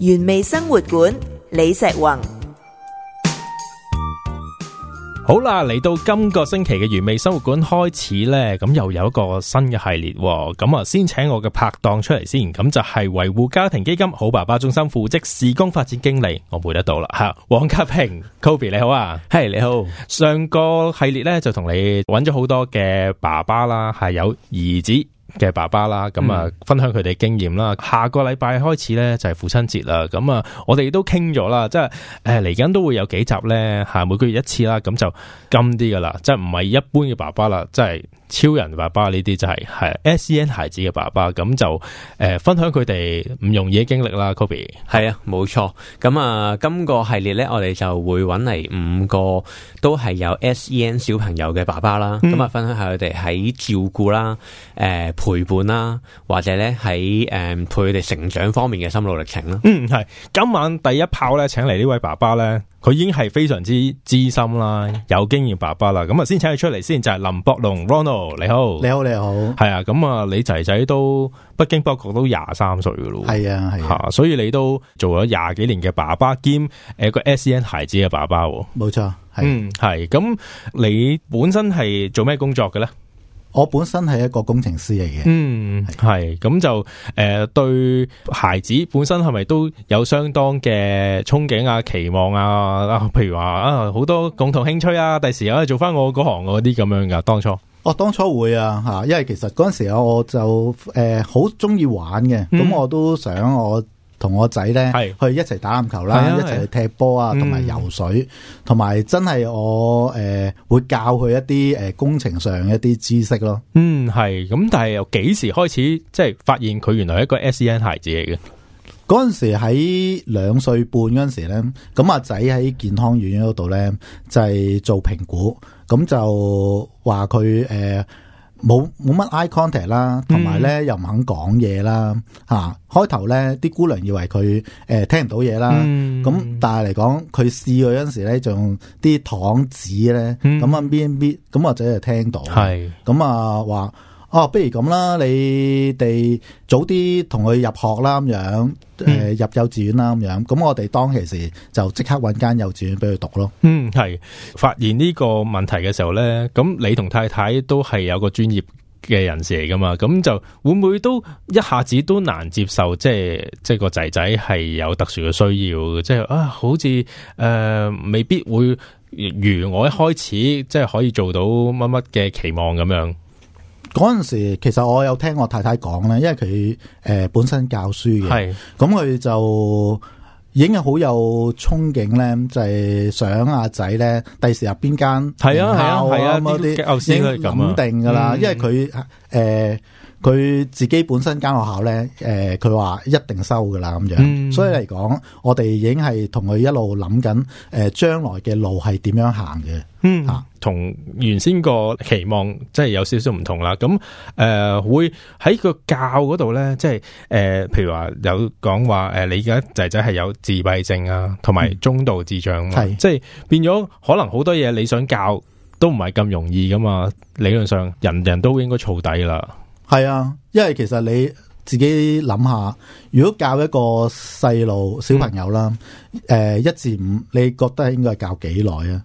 原味生活館李石宏，好啦，嚟到今個星期嘅原味生活館開始呢，咁又有一個新嘅系列，哦，咁啊先請我嘅拍檔出嚟先，咁就係維護家庭基金好爸爸中心副職事工發展經理，我背得到啦吓，黃家平 Kobe 你好啊，係、hey, 你好，上個系列呢，就同你揾咗好多嘅爸爸啦，係有兒子。嘅爸爸啦，咁啊分享佢哋經驗啦。嗯、下個禮拜開始咧就係父親節啦，咁啊我哋都傾咗啦，即係誒嚟緊都會有幾集咧，吓每個月一次啦，咁就金啲噶啦，即係唔係一般嘅爸爸啦，即係。超人爸爸呢啲就係、是、係 SEN 孩子嘅爸爸咁就誒、呃、分享佢哋唔容易嘅經歷啦 Kobe 係啊，冇錯。咁啊，今個系列咧，我哋就會搵嚟五個都係有 SEN 小朋友嘅爸爸啦。咁啊、嗯，分享下佢哋喺照顧啦、誒、呃、陪伴啦，或者咧喺誒陪佢哋成長方面嘅心路歷程啦。嗯，係。今晚第一炮咧，請嚟呢位爸爸咧。佢已經係非常之資深啦，有經驗爸爸啦，咁啊先請佢出嚟，先就係、是、林博龍 Ronald，你好，你好，你好你好，係啊，咁啊你仔仔都北京北角都廿三歲噶咯，係啊係，吓、啊啊，所以你都做咗廿幾年嘅爸爸兼誒個 SEN 孩子嘅爸爸，冇錯，錯啊、嗯係，咁、啊、你本身係做咩工作嘅咧？我本身係一個工程師嚟嘅，嗯係咁是就誒、呃、對孩子本身係咪都有相當嘅憧憬啊期望啊，啊譬如話啊好多共同興趣啊，第時可以做翻我嗰行嗰啲咁樣噶。當初，我、哦、當初會啊吓，因為其實嗰陣時候我就誒好中意玩嘅，咁我都想我。嗯同我仔咧是去一齊打籃球啦，一齊去踢波啊，同埋、啊、游水，同埋、嗯、真係我誒、呃、會教佢一啲誒、呃、工程上一啲知識咯。嗯，係咁，但係由幾時開始即係發現佢原來係一個 S E N 孩子嚟嘅？嗰陣時喺兩歲半嗰陣時咧，咁阿仔喺健康院嗰度咧就係、是、做評估，咁就話佢誒。呃冇冇乜 eye contact 啦，同埋咧又唔肯講嘢啦，吓，開頭咧啲姑娘以為佢誒聽唔到嘢啦，咁但係嚟講佢試過嗰時咧，仲用啲糖紙咧，咁啊邊邊咁或者又聽到，係咁啊話。哦、啊，不如咁啦，你哋早啲同佢入學啦咁樣，誒、呃嗯、入幼稚園啦咁樣，咁我哋當其時就即刻揾間幼稚園俾佢讀咯。嗯，係發現呢個問題嘅時候咧，咁你同太太都係有個專業嘅人士嚟噶嘛，咁就會唔會都一下子都難接受？即係即係個仔仔係有特殊嘅需要，即係啊，好似誒、呃、未必會如我一開始即係可以做到乜乜嘅期望咁樣。嗰陣時，其實我有聽我太太講咧，因為佢誒、呃、本身教書嘅，咁佢是就已經好有憧憬咧，就係、是、想阿仔咧，第時入邊間係啊係啊係啊啲老師咁定噶啦，嗯、因為佢誒。呃佢自己本身間學校咧，誒、呃，佢話一定收噶啦咁樣，嗯、所以嚟講，我哋已經係同佢一路諗緊，誒、呃，將來嘅路係點樣行嘅，吓、嗯，同、啊、原先個期望即係有少少唔同啦。咁誒、呃，會喺個教嗰度咧，即係誒、呃，譬如話有講話，誒、呃，你而家仔仔係有自閉症啊，同埋中度智障，係，即係變咗可能好多嘢你想教都唔係咁容易噶嘛。理論上，人人都應該燥底啦。係啊，因為其實你自己諗下，如果教一個細路小朋友啦，誒一至五，呃、5, 你覺得應該係教幾耐啊？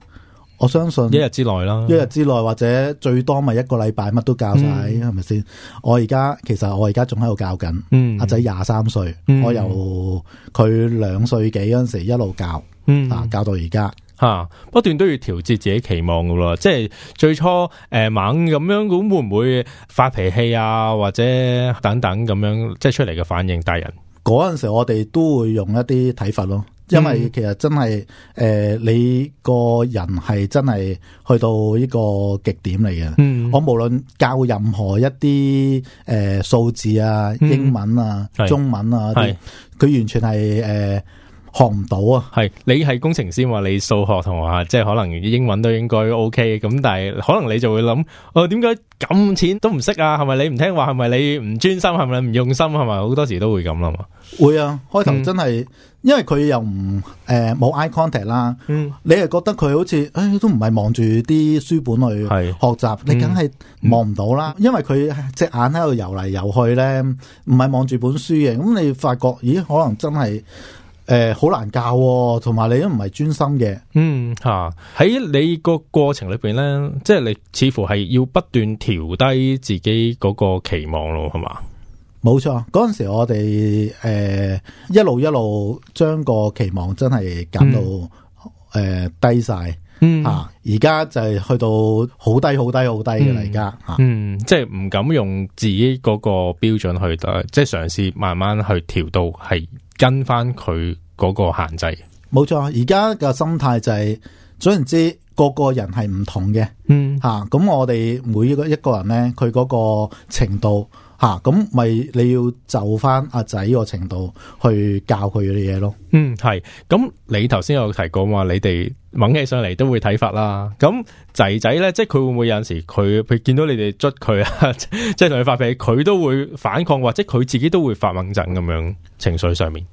我相信一日之內啦，一日之內或者最多咪一個禮拜乜都教晒，係咪先？我而家其實我而家仲喺度教緊，阿仔廿三歲，歲嗯、我由佢兩歲幾嗰陣時一路教，嗯、啊教到而家。吓、啊，不斷都要調節自己期望噶喎，即係最初誒、呃、猛咁樣，咁會唔會發脾氣啊，或者等等咁樣，即係出嚟嘅反應大人嗰陣時，我哋都會用一啲睇法，咯，因為其實真係誒、呃，你個人係真係去到呢個極點嚟嘅。嗯，我無論教任何一啲誒數字啊、英文啊、嗯、中文啊，佢完全係誒。呃學唔到啊！係你係工程師嘛？你數學同學，即係可能英文都應該 OK。咁但係可能你就會諗：哦，點解咁淺都唔識啊？係咪你唔聽話？係咪你唔專心？係咪你唔用心？係咪好多時都會咁諗嘛？會啊！開頭真係，嗯、因為佢又唔誒冇 eye contact 啦。嗯、你係覺得佢好似誒、哎、都唔係望住啲書本去學習，是你梗係望唔到啦。嗯、因為佢隻眼喺度游嚟游去咧，唔係望住本書嘅。咁你發覺，咦？可能真係。誒，好、呃、難教、哦，同埋你都唔係專心嘅。嗯，吓、啊、喺你個過程裏邊咧，即係你似乎係要不斷調低自己嗰個期望咯，係嘛？冇錯，嗰陣時我哋誒、呃、一路一路將個期望真係減到誒、嗯呃、低晒。嗯啊，而家就係去到好低、好低、好低嘅啦，而家。嗯，即係唔敢用自己嗰個標準去，即係嘗試慢慢去調到係跟翻佢嗰個限制。冇錯，而家嘅心態就係，總言之，個個人係唔同嘅。嗯，吓、就是，咁、啊、我哋每一個一個人咧，佢嗰個程度。吓，咁咪你要就翻阿仔個程度去教佢啲嘢咯？嗯，係。咁你頭先有提過話，你哋猛起上嚟，都會睇法啦。咁仔仔咧，即係佢會唔會有陣時佢佢見到你哋捉佢啊，即係同佢發脾氣，佢都會反抗，或者佢自己都會發猛陣，咁樣情緒上面。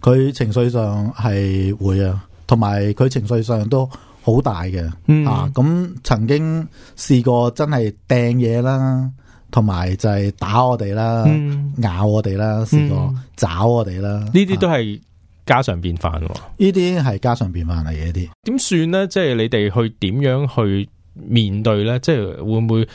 佢情緒上係會上、嗯、啊，同埋佢情緒上都好大嘅。啊，咁曾經試過真係掟嘢啦。同埋就係打我哋啦，嗯、咬我哋啦，試過抓我哋啦，呢啲、嗯啊、都係家常便飯。呢啲係家常便飯嚟嘅啲。點算咧？即係你哋去點樣去面對咧？即係會唔會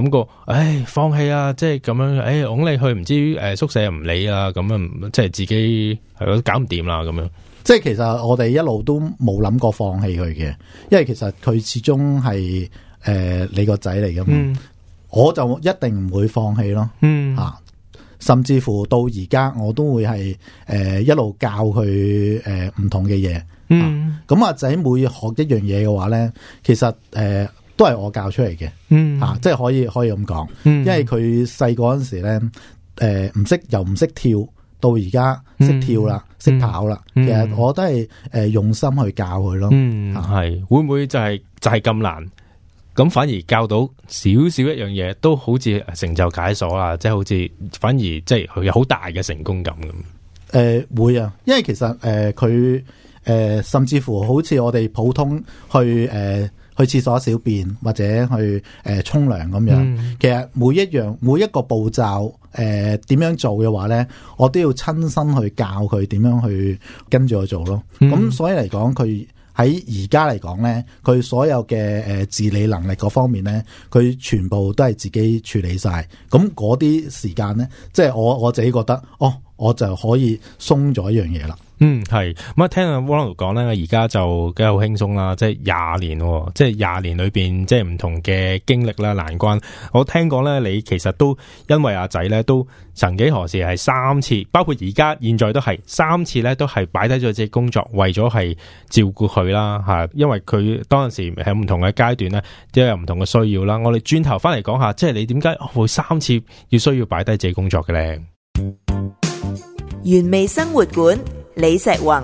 諗過？唉，放棄啊！即係咁樣，唉，㧬你去唔知誒、呃、宿舍唔理啊，咁樣，即係自己係咯搞唔掂啦，咁樣。即係、嗯、其實我哋一路都冇諗過放棄佢嘅，因為其實佢始終係誒你個仔嚟噶嘛。嗯我就一定唔會放棄咯，吓、啊，嗯、甚至乎到而家我都會係誒、呃、一路教佢誒唔同嘅嘢。咁阿仔每學一樣嘢嘅話咧，其實誒、呃、都係我教出嚟嘅，吓、啊，即係可以可以咁講。因為佢細個嗰陣時咧，誒唔識又唔識跳，到而家識跳啦，識跑啦，其實我都係誒用心去教佢咯，係、啊、會唔會就係、是、就係、是、咁難？咁反而教到少少一樣嘢，都好似成就解鎖啦，即係好似反而即係佢有好大嘅成功感咁。誒、呃、會啊，因為其實誒佢誒甚至乎好似我哋普通去誒、呃、去廁所小便或者去誒沖涼咁樣，嗯、其實每一樣每一個步驟誒點、呃、樣做嘅話咧，我都要親身去教佢點樣去跟住我做咯。咁、嗯、所以嚟講佢。喺而家嚟講咧，佢所有嘅誒、呃、治理能力嗰方面咧，佢全部都係自己處理晒。咁嗰啲時間咧，即係我我自己覺得，哦，我就可以鬆咗一樣嘢啦。嗯，係咁啊，聽阿 Wallace 講咧，而家就梗係好輕鬆啦，即係廿年，即係廿年裏邊，即係唔同嘅經歷啦，難關。我聽講咧，你其實都因為阿仔咧，都曾幾何時係三次，包括而家現在都係三次咧，都係擺低咗隻工作，為咗係照顧佢啦，吓，因為佢當陣時喺唔同嘅階段咧，都有唔同嘅需要啦。我哋轉頭翻嚟講下，即係你點解會三次要需要擺低自己工作嘅咧？原味生活館。李石宏。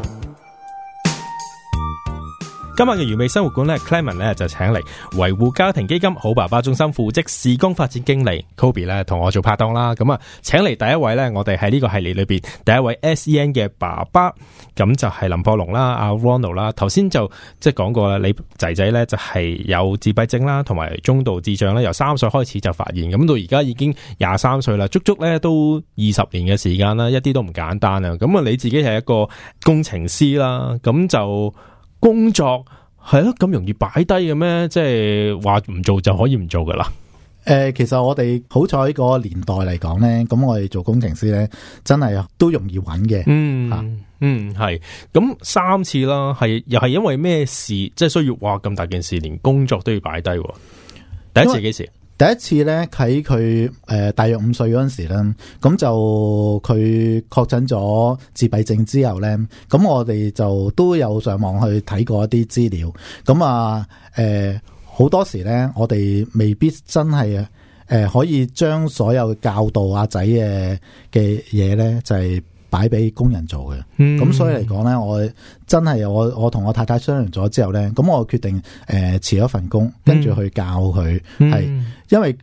今日嘅完美生活館咧，Clement 咧就請嚟維護家庭基金好爸爸中心副職事工發展經理 Kobe 咧同我做拍檔啦。咁啊，請嚟第一位咧，我哋喺呢個系列裏邊第一位 SEN 嘅爸爸，咁就係林博龍啦，阿、啊、Ronald 啦。頭先就即係講過啦，你仔仔咧就係、是、有自閉症啦，同埋中度智障啦，由三歲開始就發現，咁到而家已經廿三歲啦，足足咧都二十年嘅時間啦，一啲都唔簡單啊！咁啊，你自己係一個工程師啦，咁就。工作係咯，咁容易擺低嘅咩？即係話唔做就可以唔做噶啦。誒，其實我哋好彩個年代嚟講咧，咁我哋做工程師咧，真係都容易揾嘅。嗯。嗯嗯，係。咁三次啦，係又係因為咩事？即係需要話咁大件事，連工作都要擺低。第一次幾時？第一次咧喺佢誒大約五歲嗰陣時咧，咁就佢確診咗自閉症之後咧，咁我哋就都有上網去睇過一啲資料，咁啊誒好多時咧，我哋未必真係誒可以將所有教導阿仔嘅嘅嘢咧就係、是。擺俾工人做嘅，咁、嗯、所以嚟講咧，我真係我我同我太太商量咗之後咧，咁我決定誒、呃、辭咗份工，跟住去教佢，係、嗯、因為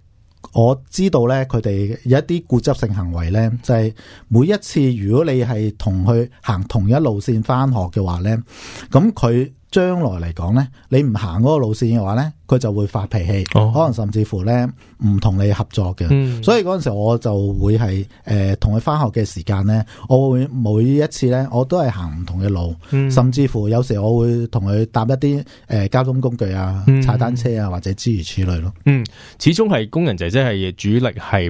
我知道咧佢哋有一啲固執性行為咧，就係、是、每一次如果你係同佢行同一路線翻學嘅話咧，咁佢。將來嚟講呢，你唔行嗰個路線嘅話呢，佢就會發脾氣，哦、可能甚至乎呢，唔同你合作嘅。嗯、所以嗰陣時我就會係誒同佢翻學嘅時間呢，我會每一次呢，我都係行唔同嘅路，嗯、甚至乎有時我會同佢搭一啲誒交通工具啊，踩單車啊或者諸如此類咯。嗯，始終係工人姐姐係主力，係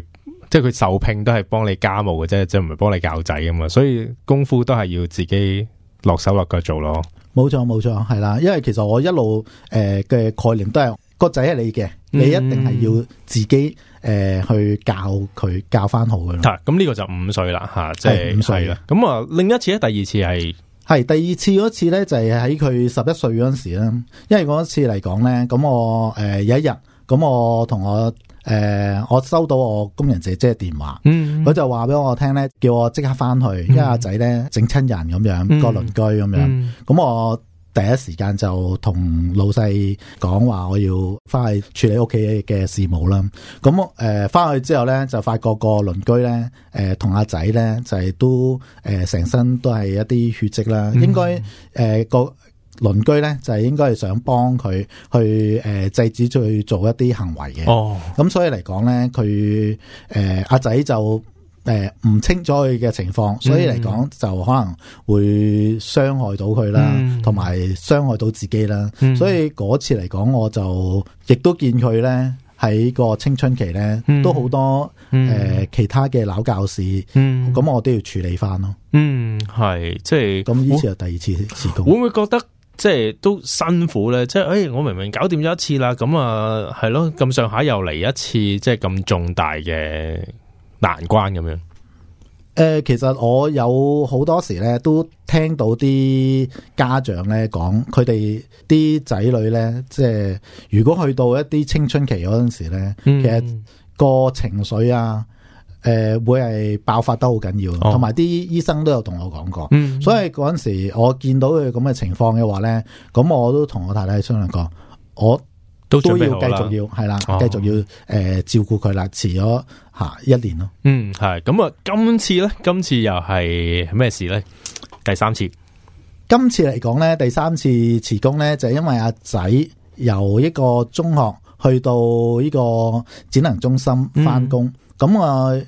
即係佢受聘都係幫你家務嘅啫，即係唔係幫你教仔㗎嘛。所以功夫都係要自己落手落腳做咯。冇錯冇錯，係啦，因為其實我一路誒嘅概念都係個仔係你嘅，嗯、你一定係要自己誒、呃、去教佢教翻好佢。係、啊，咁、這、呢個就五歲啦吓，即、啊、係、就是、五歲啦。咁啊，另一次咧，第二次係係第二次嗰次咧，就係喺佢十一歲嗰時啦。因為嗰次嚟講咧，咁我誒、呃、有一日。咁我同我誒、呃，我收到我工人姐姐嘅電話，佢、嗯、就話俾我聽咧，叫我即刻翻去，因為阿仔咧整親人咁樣，個鄰居咁樣。咁、嗯嗯、我第一時間就同老細講話，我要翻去處理屋企嘅事務啦。咁誒，翻、呃、去之後咧就發覺個鄰居咧，誒同阿仔咧就係、是、都誒成、呃、身都係一啲血跡啦，嗯、應該誒、呃、個。鄰居咧就係應該係想幫佢去誒制止去做一啲行為嘅，咁所以嚟講咧，佢誒阿仔就誒唔清楚佢嘅情況，所以嚟講就可能會傷害到佢啦，同埋傷害到自己啦。所以嗰次嚟講，我就亦都見佢咧喺個青春期咧都好多誒其他嘅鬧教師，咁我都要處理翻咯。嗯，係，即係咁，呢次係第二次辭工，會唔會覺得？即係都辛苦咧，即係，誒、哎，我明明搞掂咗一次啦，咁啊，係咯，咁上下又嚟一次，即係咁重大嘅難關咁樣。誒、呃，其實我有好多時咧，都聽到啲家長咧講，佢哋啲仔女咧，即係如果去到一啲青春期嗰陣時咧，嗯、其實個情緒啊。誒、呃，會係爆發得好緊要，同埋啲醫生都有同我講過，嗯、所以嗰陣時我見到佢咁嘅情況嘅話咧，咁我都同我太太商量過，我都都要繼續要係啦，繼、哦、續要誒、呃、照顧佢啦，遲咗吓一年咯。嗯，係咁啊，今次咧，今次又係咩事咧？第三次，今次嚟講咧，第三次辭工咧，就係、因為阿仔由一個中學去到呢個展能中心翻工，嗯。咁我誒、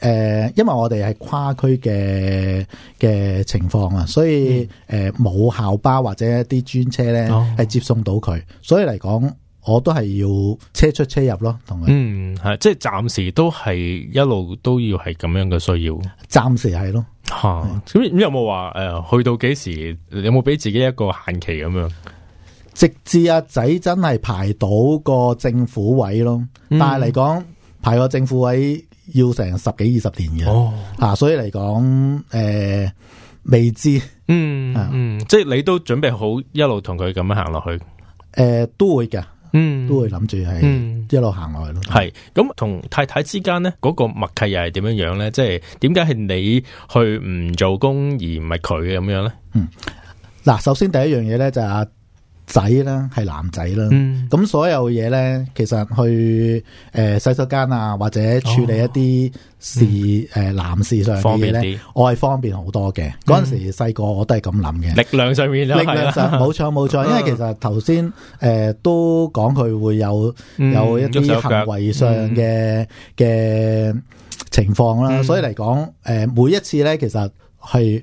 呃，因為我哋係跨區嘅嘅情況啊，所以誒冇、嗯、呃、校巴或者一啲專車咧，係、哦、接送到佢。所以嚟講，我都係要車出車入咯，同佢。嗯，係，即係暫時都係一路都要係咁樣嘅需要。暫時係咯。吓哈，咁是有冇話誒，去到幾時？有冇俾自己一個限期咁樣？直至阿仔真係排到個政府位咯。嗯、但係嚟講。排個政府位要成十幾二十年嘅，哦、啊，所以嚟講，誒、呃，未知，嗯，嗯，即係你都準備好一路同佢咁樣行落去，誒、呃，都會嘅，嗯，都會諗住係一路行落去咯。係、嗯，咁同、嗯、太太之間呢嗰、嗰個默契又係點樣樣咧？即係點解係你去唔做工而唔係佢嘅咁樣咧？嗯，嗱，首先第一樣嘢咧，就啊、係。仔啦，係男仔啦。咁所有嘢咧，其實去誒洗手間啊，或者處理一啲事誒男士上嘅嘢咧，我係方便好多嘅。嗰陣時細個我都係咁諗嘅。力量上面啦，力量上冇錯冇錯。因為其實頭先誒都講佢會有有一啲行為上嘅嘅情況啦，所以嚟講誒每一次咧，其實係。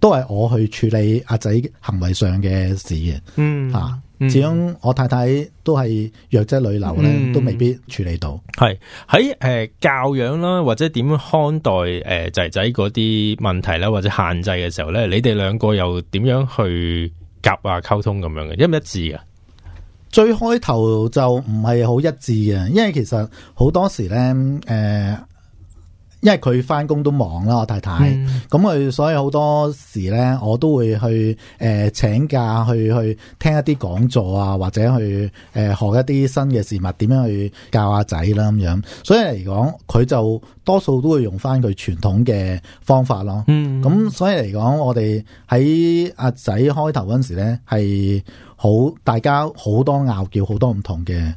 都係我去處理阿仔行為上嘅事嘅，吓，始終我太太都係弱質女流咧，嗯、都未必處理到。係喺誒教養啦，或者點看待誒仔仔嗰啲問題啦，或者限制嘅時候咧，你哋兩個又點樣去夾啊溝通咁樣嘅？一唔一致啊？最開頭就唔係好一致嘅，因為其實好多時咧，誒、呃。因為佢翻工都忙啦，我太太，咁佢、嗯、所以好多時咧，我都會去誒、呃、請假去去聽一啲講座啊，或者去誒、呃、學一啲新嘅事物，點樣去教阿仔啦咁樣。所以嚟講，佢就多數都會用翻佢傳統嘅方法咯。咁、嗯、所以嚟講，我哋喺阿仔開頭嗰時咧，係好大家好多拗叫，好多唔同嘅。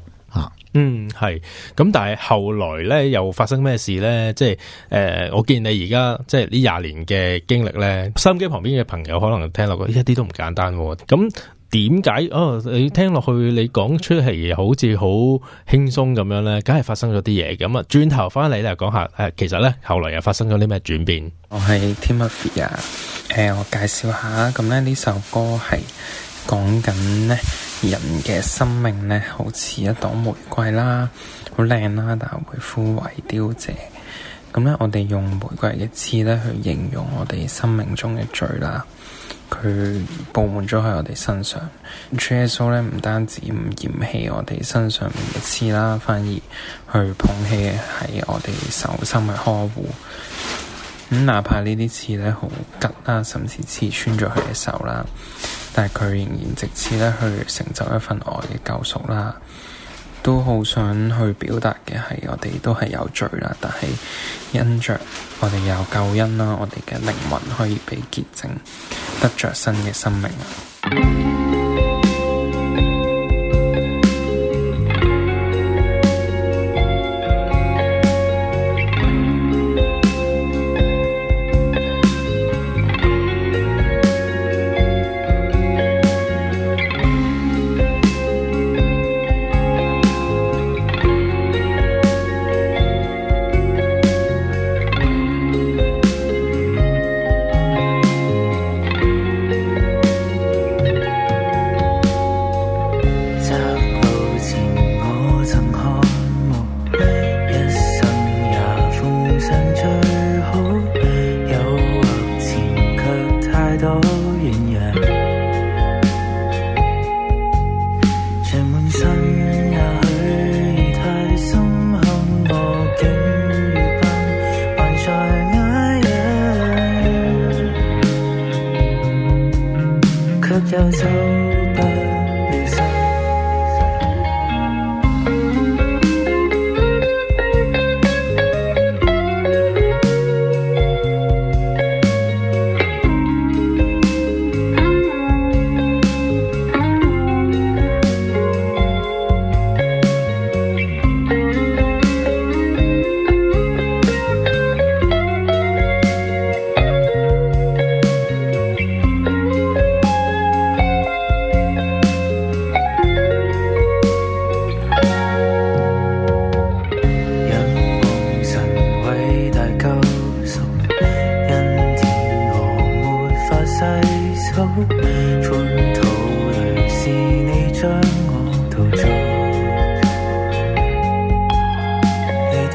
嗯，係。咁但係後來咧，又發生咩事咧？即係誒、呃，我見你而家即係呢廿年嘅經歷咧，收音機旁邊嘅朋友可能聽落去一啲都唔簡單。啊，咁點解？哦，你聽落去你講出嚟好似好輕鬆咁樣咧，梗係發生咗啲嘢。咁啊，轉頭翻嚟咧，講下誒，其實咧後來又發生咗啲咩轉變？我係 Timothy 啊，誒、呃，我介紹下，咁咧呢首歌係講緊咧。人嘅生命咧，好似一朵玫瑰啦，好靚啦，但係會枯萎凋謝。咁咧，我哋用玫瑰嘅刺咧，去形容我哋生命中嘅罪啦。佢佈滿咗喺我哋身上。主 s o 咧，唔單止唔嫌棄我哋身上面嘅刺啦，反而去捧起喺我哋手心去呵護。咁哪怕呢啲刺咧好吉啦，甚至刺穿咗佢嘅手啦，但係佢仍然藉此咧去成就一份愛嘅救贖啦，都好想去表達嘅係我哋都係有罪啦，但係因着我哋有救恩啦，我哋嘅靈魂可以被潔淨，得着新嘅生命。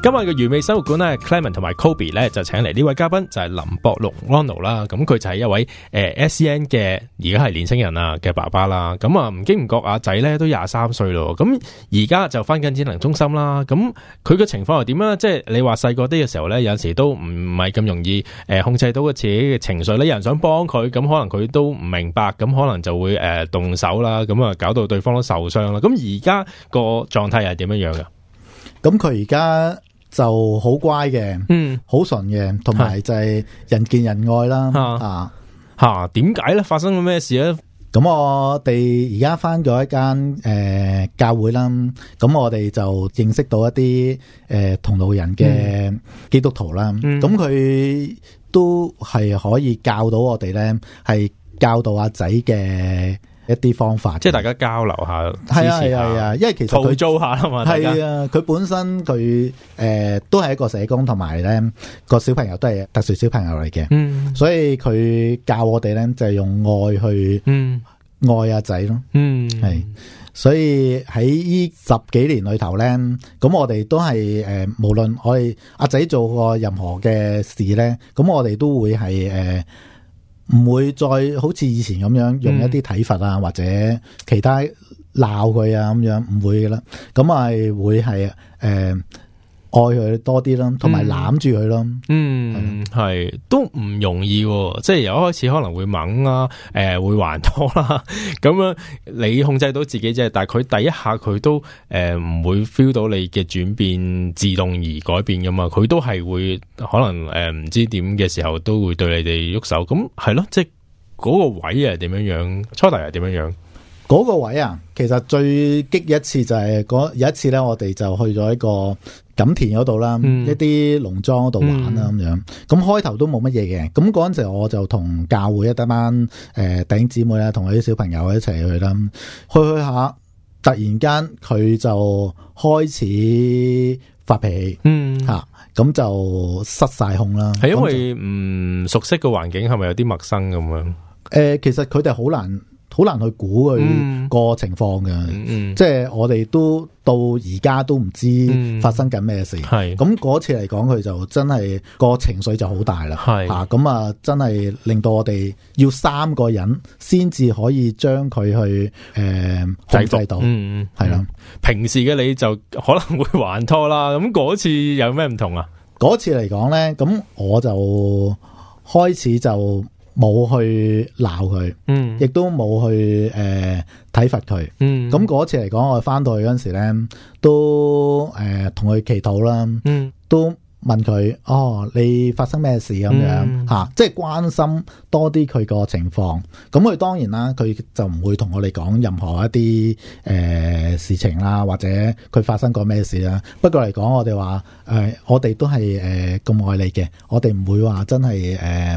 今日嘅完美生活館咧 Clement 同埋 Kobe 咧就請嚟呢位嘉賓就係林博龍 Anno 啦，咁佢就係一位誒 SEN 嘅而家係年青人啊嘅爸爸啦，咁啊唔經唔覺阿仔咧都廿三歲咯，咁而家就翻緊展能中心啦，咁佢嘅情況又點啊？即係你話細個啲嘅時候咧，有陣時都唔係咁容易誒控制到個自己嘅情緒咧，有人想幫佢，咁可能佢都唔明白，咁可能就會誒動手啦，咁啊搞到對方都受傷啦，咁而家個狀態係點樣樣噶？咁佢而家。就好乖嘅，嗯，好純嘅，同埋就係人見人愛啦，啊，吓點解咧？發生咗咩事咧？咁我哋而家返咗一間誒、呃、教會啦，咁我哋就認識到一啲誒、呃、同路人嘅基督徒啦，咁佢、嗯、都係可以教到我哋咧，係教導阿仔嘅。一啲方法，即係大家交流下，係啊係啊，係啊，因為其實佢租下嘛，係啊，佢本身佢誒、呃、都係一個社工，同埋咧個小朋友都係特殊小朋友嚟嘅。嗯，所以佢教我哋咧就係用愛去，嗯，愛阿仔咯，嗯，係，所以喺呢十幾年裏頭咧，咁我哋都係誒、呃，無論我哋阿仔做過任何嘅事咧，咁我哋都會係誒。呃唔會再好似以前咁樣用一啲體罰啊，或者其他鬧佢啊咁樣，唔會嘅啦。咁啊，會係誒。愛佢多啲啦，同埋攬住佢咯。嗯，係是都唔容易，即係由一開始可能會猛啊，誒、呃、會還拖啦。咁 樣你控制到自己啫，但係佢第一下佢都誒唔、呃、會 feel 到你嘅轉變，自動而改變噶嘛。佢都係會可能誒唔、呃、知點嘅時候都會對你哋喐手。咁係咯，即係嗰個位係點樣樣，初嚟係點樣樣。嗰個位啊，其實最激一次就係、是、嗰有一次咧，我哋就去咗一個。錦田嗰度啦，一啲農莊嗰度玩啦咁樣，咁開頭都冇乜嘢嘅，咁嗰陣時我就同教會一班誒弟兄姊妹咧，同嗰啲小朋友一齊去啦，去去下，突然間佢就開始發脾氣，嗯吓，咁、啊、就失晒控啦。係因為唔就、嗯、熟悉嘅環境，係咪有啲陌生咁樣？誒、呃，其實佢哋好難。好難去估佢個情況嘅，嗯嗯、即係我哋都到而家都唔知發生緊咩事。係咁嗰次嚟講，佢就真係個情緒就好大啦。係啊，咁啊，真係令到我哋要三個人先至可以將佢去誒、呃、控制到。制嗯，係、嗯、啦。平時嘅你就可能會還拖啦，咁嗰次有咩唔同啊？嗰次嚟講咧，咁我就開始就。冇去鬧佢，呃、嗯，亦都冇去誒體罰佢，嗯，咁嗰次嚟講，我翻到去嗰陣時咧，都誒同佢祈禱啦，嗯，都。呃問佢哦，你發生咩事咁樣吓？即係關心多啲佢個情況。咁佢當然啦，佢就唔會同我哋講任何一啲誒、呃、事情啦，或者佢發生過咩事啦。不過嚟講，我哋話誒，我哋都係誒咁愛你嘅，我哋唔會話真係誒、呃、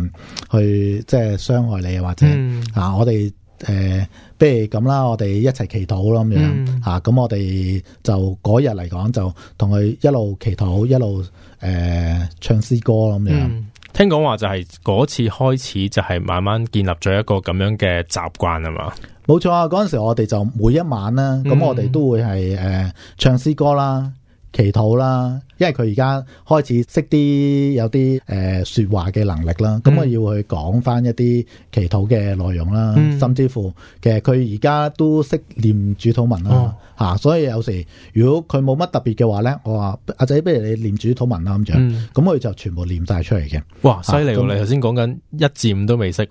去、呃、即係傷害你，或者、嗯、啊，我哋誒、呃，比如咁啦，我哋一齊祈禱啦咁樣吓。咁、啊嗯啊嗯嗯嗯、我哋就嗰日嚟講，就同佢一路祈禱，一路。誒、呃，唱詩歌咁樣，嗯、聽講話就係嗰次開始，就係慢慢建立咗一個咁樣嘅習慣啊嘛，冇錯啊，嗰陣時我哋就每一晚啦，咁、嗯、我哋都會係誒、呃、唱詩歌啦，祈禱啦，因為佢而家開始識啲有啲誒、呃、說話嘅能力啦，咁、嗯、我要去講翻一啲祈禱嘅內容啦，嗯、甚至乎其實佢而家都識念主禱文啦，吓、哦啊，所以有時如果佢冇乜特別嘅話咧，我話阿仔，不如你念主禱文啦咁樣，咁佢、嗯、就全部念晒出嚟嘅。哇，犀利喎！你頭先講緊一至五都未識。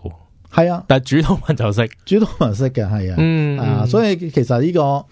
係啊，但係主動文就識，主動文識嘅係啊，嗯、啊，所以其實呢、這個誒、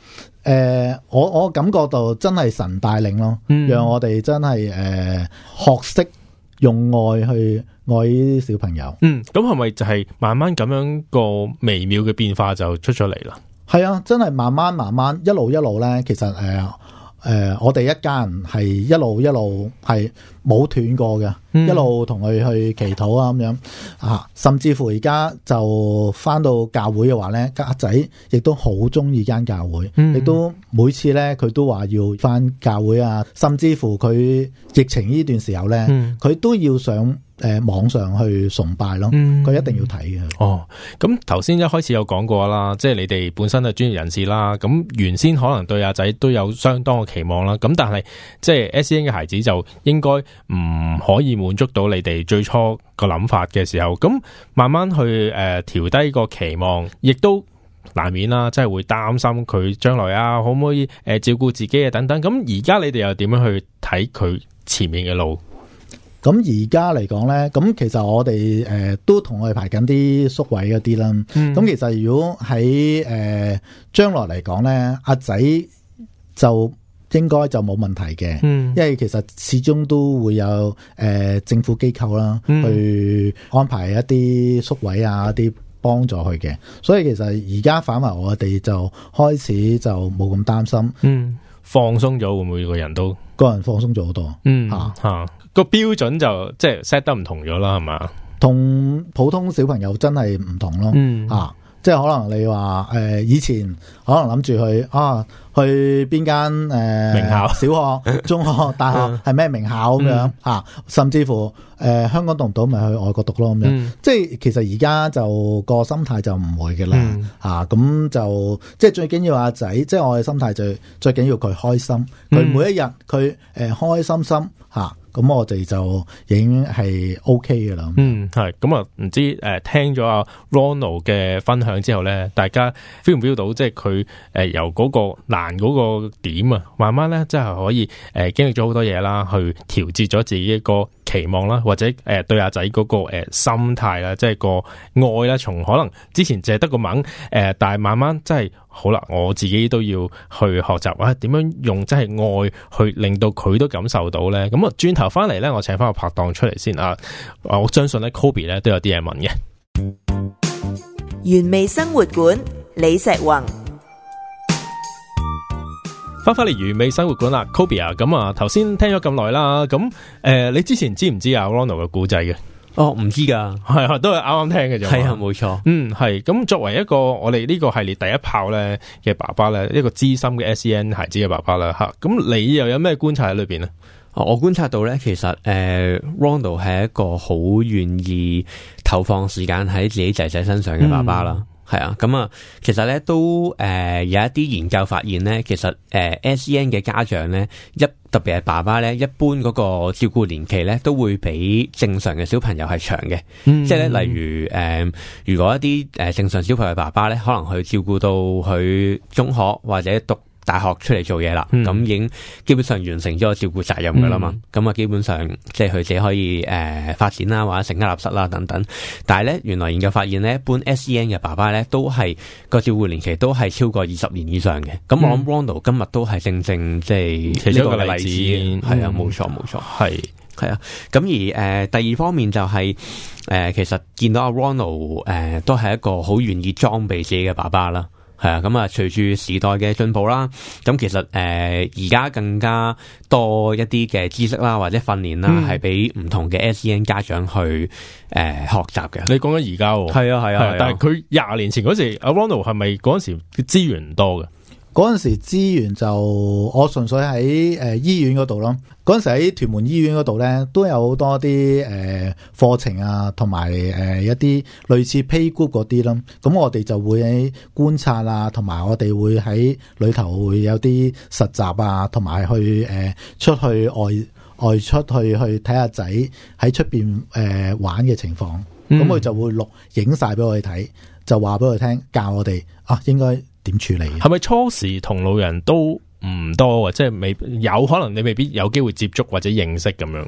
呃，我我感覺到真係神帶領咯，嗯、讓我哋真係誒、呃、學識用愛去愛呢啲小朋友。嗯，咁係咪就係慢慢咁樣個微妙嘅變化就出咗嚟啦？係啊，真係慢慢慢慢一路一路咧，其實誒。呃誒、呃，我哋一家人係一路一路係冇斷過嘅，嗯、一路同佢去祈禱啊咁樣啊，甚至乎而家就翻到教會嘅話咧，家仔亦都好中意間教會，亦、嗯嗯、都每次咧佢都話要翻教會啊，甚至乎佢疫情呢段時候咧，佢、嗯、都要上。誒，網上去崇拜咯，佢、嗯、一定要睇嘅。哦，咁頭先一開始有講過啦，即係你哋本身係專業人士啦，咁原先可能對阿仔都有相當嘅期望啦。咁但係即係 SEN 嘅孩子就應該唔可以滿足到你哋最初個諗法嘅時候，咁慢慢去誒調、呃、低個期望，亦都難免啦、啊。即係會擔心佢將來啊，可唔可以誒、呃、照顧自己啊等等。咁而家你哋又點樣去睇佢前面嘅路？咁而家嚟講咧，咁其實我哋誒、呃、都同佢排緊啲宿位嗰啲啦。咁、嗯、其實如果喺誒將來嚟講咧，阿仔就應該就冇問題嘅。嗯、因為其實始終都會有誒、呃、政府機構啦，嗯、去安排一啲宿位啊，一啲幫助佢嘅。所以其實而家反為我哋就開始就冇咁擔心，嗯、放鬆咗會唔會個人都？個人放鬆咗好多，嗯吓，個、啊啊啊、標準就即係 set 得唔同咗啦，係嘛、嗯，同普通小朋友真係唔同咯，嗯吓。即係可能你話誒、呃，以前可能諗住去啊，去邊間誒名校、小學、 中學、大學係咩 名校咁樣、嗯、啊？甚至乎誒、呃，香港讀唔到咪去外國讀咯咁樣。嗯、即係其實而家就、個心態就唔會嘅啦、嗯、啊！咁就即係最緊要阿仔，即係我嘅心態最最緊要佢開心，佢、嗯、每一日佢誒開開心心吓。啊咁我哋就已經係 OK 嘅啦。嗯，係。咁啊，唔知誒，聽咗阿、啊、Ronald 嘅分享之後咧，大家 feel 唔 feel 到，即係佢誒由嗰個難嗰個點啊，慢慢咧即係可以誒、呃、經歷咗好多嘢啦，去調節咗自己一個。期望啦，或者誒、呃，對阿仔嗰個誒、呃、心態啦，即係個愛啦，從可能之前借得個掹，誒、呃，但係慢慢真、就、係、是，好啦，我自己都要去學習啊，點、呃、樣用真係愛去令到佢都感受到咧。咁啊，轉頭翻嚟咧，我請翻個拍檔出嚟先啊，我相信咧，Kobe 咧都有啲嘢問嘅。原味生活館李石宏。翻返嚟完美生活館啦，Kobe 啊，咁啊，頭先聽咗咁耐啦，咁、呃、誒，你之前知唔知啊 Ronald 嘅故仔嘅？哦，唔知噶，係啊，都係啱啱聽嘅啫，係啊，冇錯，嗯，係，咁作為一個我哋呢個系列第一炮咧嘅爸爸咧，一個資深嘅 SEN 孩子嘅爸爸啦，吓，咁你又有咩觀察喺裏邊咧、哦？我觀察到咧，其實誒、呃、，Ronald 係一個好願意投放時間喺自己仔仔身上嘅爸爸啦。嗯係啊，咁啊，其實咧都誒有一啲研究發現咧，其實誒 SEN 嘅家長咧一特別係爸爸咧，一般嗰個照顧年期咧都會比正常嘅小朋友係長嘅，嗯、即係咧例如誒如果一啲誒正常小朋友嘅爸爸咧，可能去照顧到佢中學或者讀。大學出嚟做嘢啦，咁、嗯、已經基本上完成咗個照顧責任噶啦嘛，咁啊、嗯、基本上即係佢自己可以誒、呃、發展啦，或者成家立室啦等等。但係咧，原來研究發現咧，一般 SEN 嘅爸爸咧都係個照顧年期都係超過二十年以上嘅。咁、嗯、我諗 Ronald 今日都係正正即係其中一個例子，係啊、嗯，冇錯冇錯，係係啊。咁、嗯、而誒、呃、第二方面就係、是、誒、呃，其實見到阿 Ronald 誒、呃、都係一個好願意裝備自己嘅爸爸啦。係啊，咁啊，隨住時代嘅進步啦，咁其實誒而家更加多一啲嘅知識啦，或者訓練啦，係俾唔同嘅 SEN 家長去誒、呃、學習嘅。你講緊而家，係啊係啊，啊啊啊但係佢廿年前嗰時，阿 Ronald 係咪嗰陣時資源唔多嘅？嗰陣時資源就我純粹喺誒、呃、醫院嗰度咯。嗰陣時喺屯門醫院嗰度咧，都有好多啲誒、呃、課程啊，同埋誒一啲類似 play group 嗰啲啦。咁我哋就會喺觀察啊，同埋我哋會喺裏頭會有啲實習啊，同埋去誒、呃、出去外外出去去睇下仔喺出邊誒玩嘅情況。咁佢、嗯、就會錄影晒俾我哋睇，就話俾我哋聽，教我哋啊應該點處理？係咪 初時同路人都唔多啊？即係未有可能你未必有機會接觸或者認識咁樣。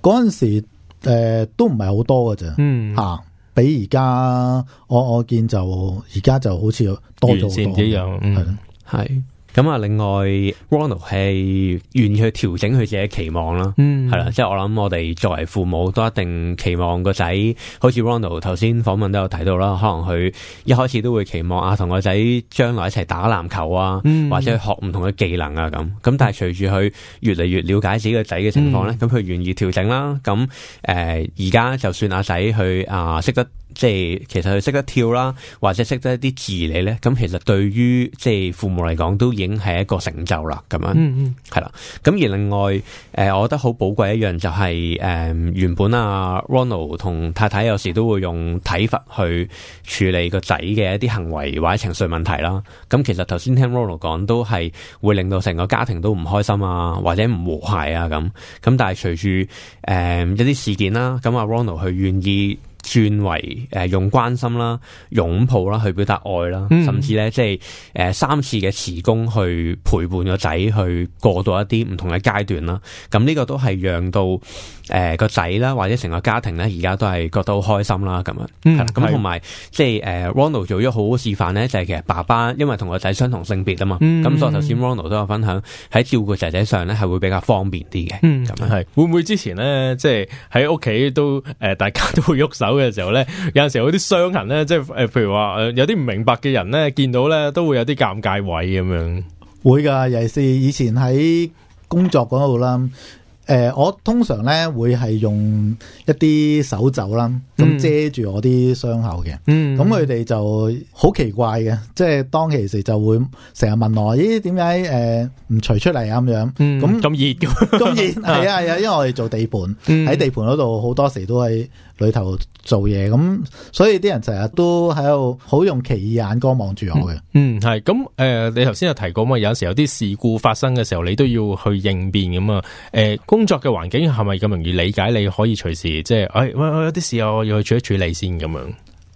嗰陣時誒、呃、都唔係好多㗎咋，吓、啊、比而家我我見就而家就好似多咗好多。係。是嗯咁啊，另外 Ronald 係願意去調整佢自己嘅期望啦，嗯，係啦，即係我諗我哋作為父母都一定期望個仔，好似 Ronald 頭先訪問都有提到啦，可能佢一開始都會期望啊，同個仔將來一齊打籃球啊，嗯、或者去學唔同嘅技能啊咁，咁但係隨住佢越嚟越了解自己個仔嘅情況咧，咁佢、嗯、願意調整啦，咁誒而家就算阿仔去啊識得。即係其實佢識得跳啦，或者識得一啲自理咧，咁其實對於即係父母嚟講都已經係一個成就啦，咁樣，係啦、嗯嗯。咁而另外，誒、呃，我覺得好寶貴一樣就係、是，誒、呃，原本阿、啊、Ronald 同太太有時都會用體罰去處理個仔嘅一啲行為或者情緒問題啦。咁、嗯、其實頭先聽 Ronald 講都係會令到成個家庭都唔開心啊，或者唔和諧啊，咁咁。但係隨住誒一啲事件啦、啊、咁、啊、阿 Ronald 佢願意，轉為誒用關心啦、擁抱啦去表達愛啦，嗯、甚至咧即係誒三次嘅辭工去陪伴個仔去過到一啲唔同嘅階段啦。咁呢個都係讓到誒個仔啦，呃、或者成個家庭咧，而家都係覺得好開心啦。咁啊，係啦、嗯。咁同埋即係誒 Ronald 做咗好好示範咧，就係、是、其實爸爸因為同個仔相同性別啊嘛。咁、嗯、所以我頭先 Ronald 都有分享喺照顧仔仔上咧，係會比較方便啲嘅。咁啊係，會唔會之前咧即係喺屋企都誒大家都會喐手？嘅時候咧，有陣時嗰啲傷痕咧，即係誒，譬如話誒，有啲唔明白嘅人咧，見到咧都會有啲尷尬位咁樣，會㗎，尤其是以前喺工作嗰度啦，誒、呃，我通常咧會係用一啲手肘啦，咁遮住我啲傷口嘅，嗯，咁佢哋就好奇怪嘅，嗯、即係當其時就會成日問我，咦，點解誒唔除出嚟啊？咁、呃、樣，嗯，咁咁熱，咁熱，係啊係啊，因為我哋做地盤，喺地盤嗰度好多時都係。裏頭做嘢咁，所以啲人成日都喺度好用奇異眼光望住我嘅、嗯。嗯，係咁，誒、呃，你頭先有提過嘛？有時候，有時有啲事故發生嘅時候，你都要去應變咁啊。誒、嗯，工作嘅環境係咪咁容易理解？你可以隨時即係，誒、就是哎，喂，我有啲事我要去處理處理先咁樣。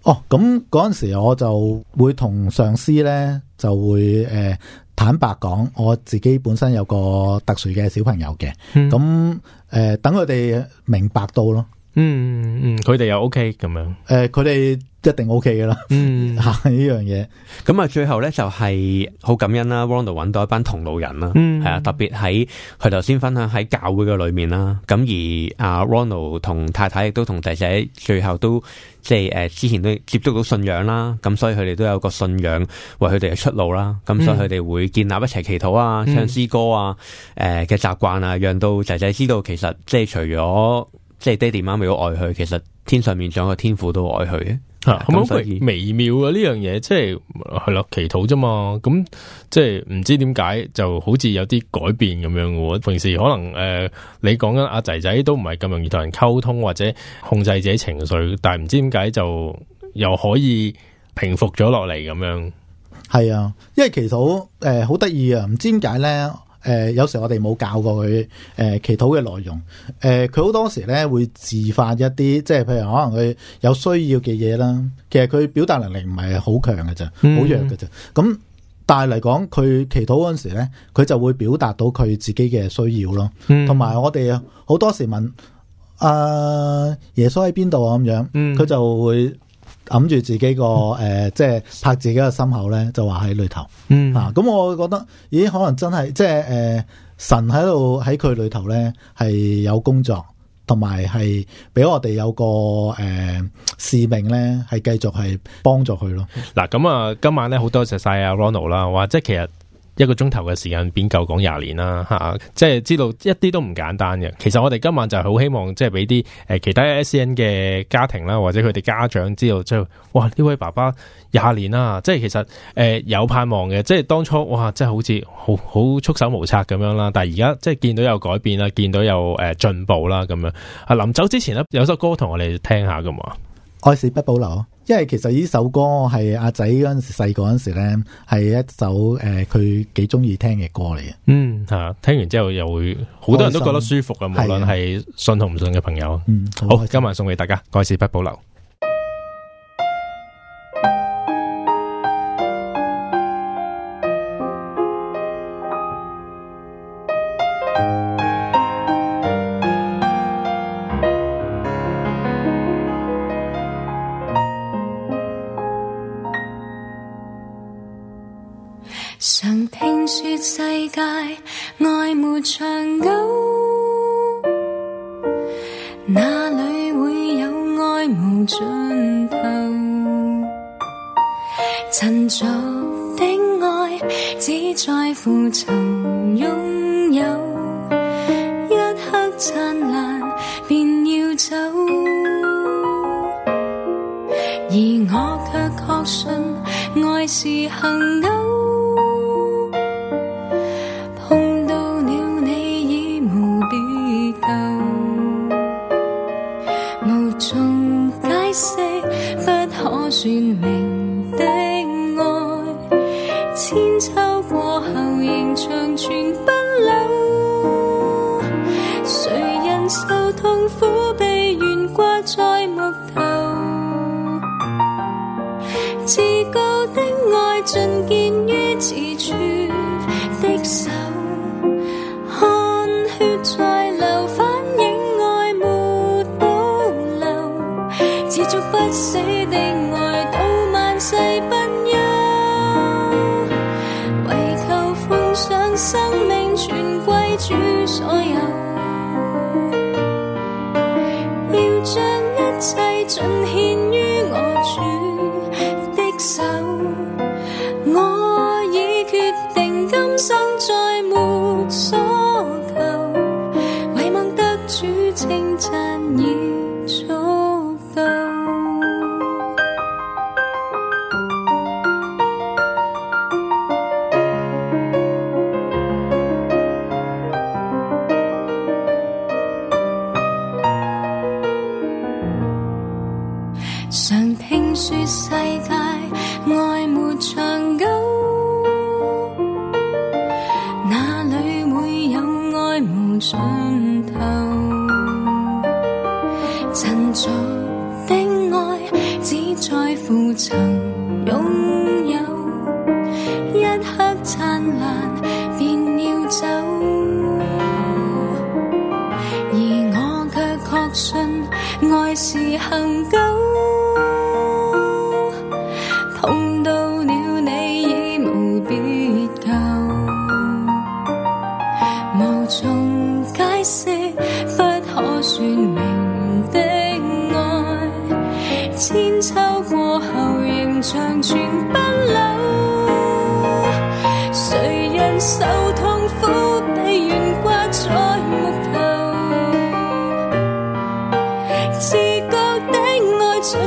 哦，咁嗰陣時我就會同上司咧，就會誒、呃、坦白講，我自己本身有個特殊嘅小朋友嘅。咁誒、嗯，等佢哋明白到咯。嗯嗯，佢哋又 OK 咁樣，誒、呃，佢哋一定 OK 噶啦。嗯，吓呢樣嘢。咁啊，最後咧就係好感恩啦。Ronald 搵到一班同路人啦，係啊、嗯，特別喺佢頭先分享喺教會嘅裏面啦。咁而阿 Ronald 同太太亦都同仔仔，最後都即係誒，之前都接觸到信仰啦。咁所以佢哋都有個信仰為佢哋嘅出路啦。咁、嗯、所以佢哋會建立一齊祈禱啊，唱詩歌啊，誒、呃、嘅習慣啊，讓到仔仔知道其實即係除咗。即係爹哋媽咪都愛佢，其實天上面掌個天父都愛佢嘅吓，好微妙啊呢樣嘢，即係係咯祈禱啫嘛，咁即係唔知點解就好似有啲改變咁樣嘅。平時可能誒、呃，你講緊阿仔仔都唔係咁容易同人溝通或者控制自己情緒，但係唔知點解就又可以平復咗落嚟咁樣。係啊，因為祈禱誒好得意啊，唔知點解咧。誒、呃，有時我哋冇教過佢，誒、呃、祈禱嘅內容，誒佢好多時咧會自發一啲，即係譬如可能佢有需要嘅嘢啦。其實佢表達能力唔係好強嘅啫，好弱嘅啫。咁、嗯、但係嚟講，佢祈禱嗰陣時咧，佢就會表達到佢自己嘅需要咯。同埋、嗯、我哋好多時問阿、呃、耶穌喺邊度啊？咁樣，佢、嗯、就會。揞住自己個誒、呃，即係拍自己個心口咧，就話喺裏頭。嗯，啊，咁、嗯、我覺得，咦，可能真係即係誒、呃，神喺度喺佢裏頭咧，係有工作，同埋係俾我哋有個誒、呃、使命咧，係繼續係幫助佢咯。嗱、嗯，咁啊，今晚咧好多謝晒阿 Ronald 啦，話即係其實。一個鐘頭嘅時間邊夠講廿年啦，吓，即係知道一啲都唔簡單嘅。其實我哋今晚就好希望，即係俾啲誒其他 SEN 嘅家庭啦，或者佢哋家長知道，即係哇呢位爸爸廿年啦，即係其實誒、呃、有盼望嘅。即係當初哇，即係好似好好束手無策咁樣啦，但係而家即係見到有改變啦，見到有誒進、呃、步啦咁樣。臨、啊、走之前咧，有首歌同我哋聽下嘅嘛，愛是不保留。因為其實呢首歌係阿仔嗰陣時細個嗰陣時咧，係一首誒佢幾中意聽嘅歌嚟嘅。嗯，係聽完之後又會好多人都覺得舒服啊，上無論係信同唔信嘅朋友。嗯的，好，上今晚送俾大家，愛是不保留。